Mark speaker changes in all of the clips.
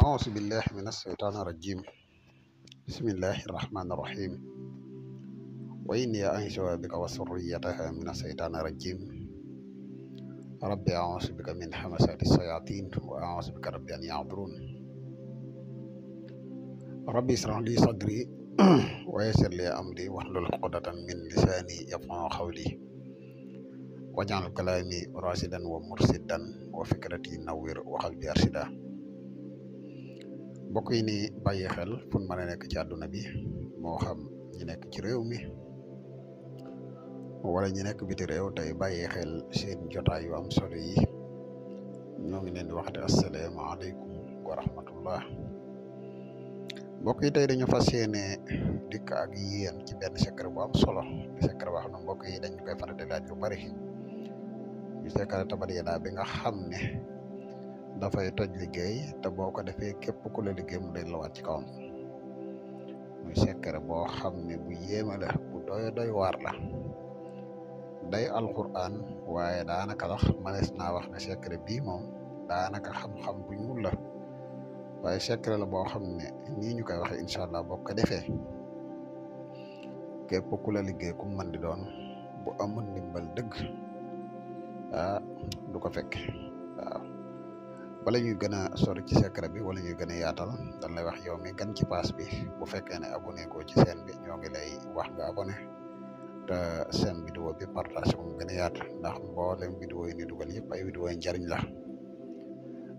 Speaker 1: أعوذ بالله من الشيطان الرجيم بسم الله الرحمن الرحيم وإني أنشأ بك وسريتها من الشيطان الرجيم ربي أعوذ بك من حمسات الشياطين وأعوذ بك ربي أن يعبرون ربي اشرح لي صدري ويسر لي أمري واحلل عقدة من لساني يفقهوا قولي واجعل كلامي راشدا ومرشدا وفكرتي نوير وقلبي أرشدا mbokk yi ni Hel xel mana mu nek ci aduna bi mo xam ñi nek ci réew mi wala ñi nek biti réew tay baye xel seen jotaay yu am solo yi ñu ngi leen di assalamu alaykum wa rahmatullah mbokk yi dañu fasiyene dik ak yeen ci benn secret bu am solo di secret wax na mbokk yi dañ koy faral di laaj lu bari ñu secret tabariyanaa bi nga xam ne dafay toj liggéey te boo ko defee képp ku la liggéey mu delluwaat ci kawam muy bo xam ne bu yéeme la bu doy doy waar la day alquran waaye daanaka wax manes naa wax ne sekkare bii moom daanaka xam-xam bu ñuul la waaye sekkare la boo xam ne nii ñu koy waxee incha allah boo ko defee képp ku la liggéey ku mën di doon bu am ndimbal dëgg ah du ko fekk wala ñuy gëna a sori ci secret bi wala ñuy gëna yaatal dañ lay wax yow mi gën ci paas bi bu fekkee ne abonné ko ci chaîne bi ñoo ngi lay wax nga abonné te seen vidéo bi partage ko mu gën a yaat ndax mboolem vidéo yi ni dugal yëpp ay vidéo yi njariñ la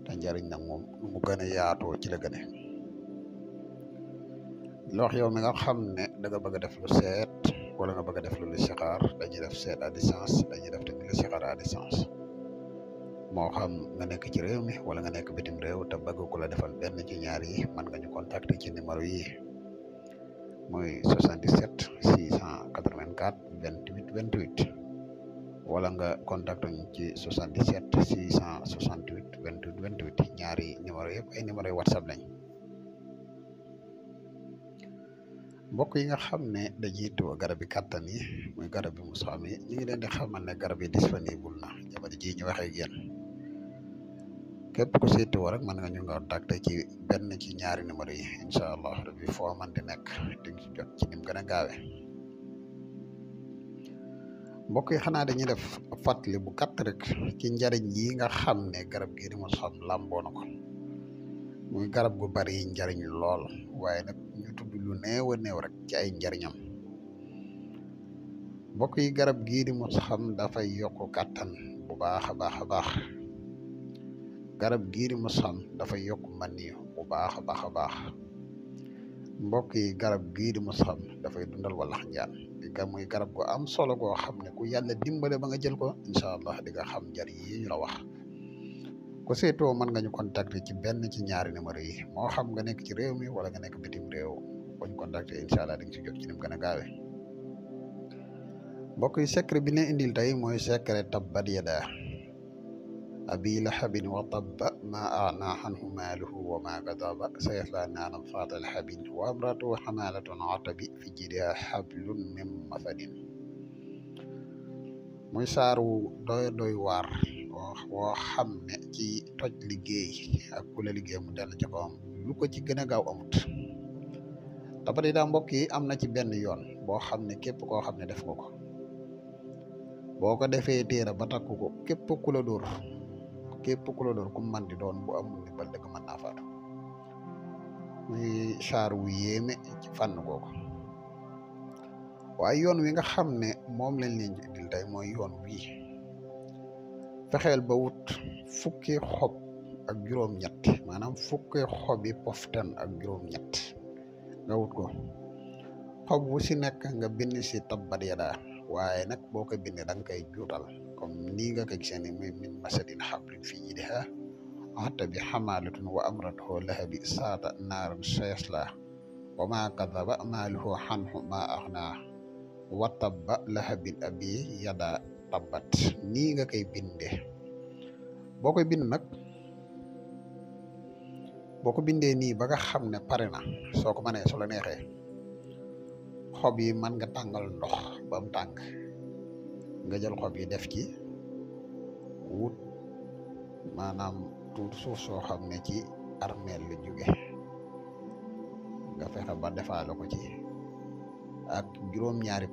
Speaker 1: te njariñ na moom mu gën a yaatoo ci la gën a wax yow mi nga xam ne da nga bëgg a def lu seet wala nga bëgg a def lu listixaar dañuy def seet à distance dañuy def tamit listixaar à distance moo xam nga nekk ci réew mi wala nga nekk bitim réew ta bëgg ku la defal benn ci ñaar yi mën nga ñu contacter ci numéro yi muy 77 684 28 28 wala nga contacter ñu ci 77 668 28 28 ñaari numéro yëpp ay numéro yu whatsapp lañ mbok yi nga xam ne dañuy tuwa garab yi kàttan yi muy garab yi musaam yi ñu ngi leen di xamal ne garab yi disponible na jamono jii ñu waxee ak képp ku seeti woo rek mën nga ñu nga contacté ci benn ci ñaari numéro yi incha allah rabbi foo man di nekk di nga ci jot ci ni mu gën a mbokk yi xanaa dañuy def fàttali bu gàtt rek ci njariñ yi nga xam ne garab gii di mu xam làmboo na ko muy garab gu bari njariñ lool waaye nag ñu tudd lu a néew rek ci ay njariñam mbokk yi garab gii di mu xam dafay yokk kàttan bu baax a baax a baax garab gi di son dafa yokk maniyo, bu baax a baax mbokk yi garab gi di son dafay dundal wala njaan di ga muy garab go am solo go xamne ku yalla dimbalé ba nga jël ko inshallah di nga xam jar yi ñu la wax ko seto man nga ñu contacté ci benn ci ñaari numéro yi mo xam nga nek ci réew mi wala nga nek bitim réew ko ñu contacté inshallah di ci jot ci nim gëna gaawé mbokk yi secret bi ne indil tay moy secret tabbadiyada abi lahabin wa tabba ma agna anhu maaluhu wa ma kataba sayasla naaran zaata lahabin wa imra'atuhu hamalatan atabi fi jidiha hablun min masadin muy saaru doy doy waar woo xam ne ci toj liggéey ak ku la liggéey mu dell ci kawam lu ko ci gën a gaaw amut tabati daa mbokk yi am na ci benn yoon boo xam ne képp koo xam ne def nga ko boo ko defee téere ba takku ko képp ku la képp ku la doon ku man di doon bu amul ndimbal dëgg mën naa faatu muy saar wu yéeme ci fànn googu waaye yoon wi nga xam ne moom lañ leen ci indil tey mooy yoon wii fexeel ba wut fukki xob ak juróom-ñett maanaam fukki xob yi poftan ak juróom-ñett nga wut ko xob wu si nekk nga bind si tabbat ya waaye nag boo ko bind da nga koy نيغا كجاني من مسد حبل في إيدها حتى بحمالة وأمرته لها بإساءة نار سيصلى وما كذب ماله عنه ما أغناه وطب لها بالأبي يدا طبت نيغا كي بنده بوكو بند نك binde ko bindee nii ba nga xam ne pare na soo ko mënee la nexé xob yi man nga tàngal ndox bam tàng nga jël xob yi def ci wut maanaam tuut suuf soo xam ne ci armeel lu jóge nga fexe ba defaale ko ci ak juróom-ñaari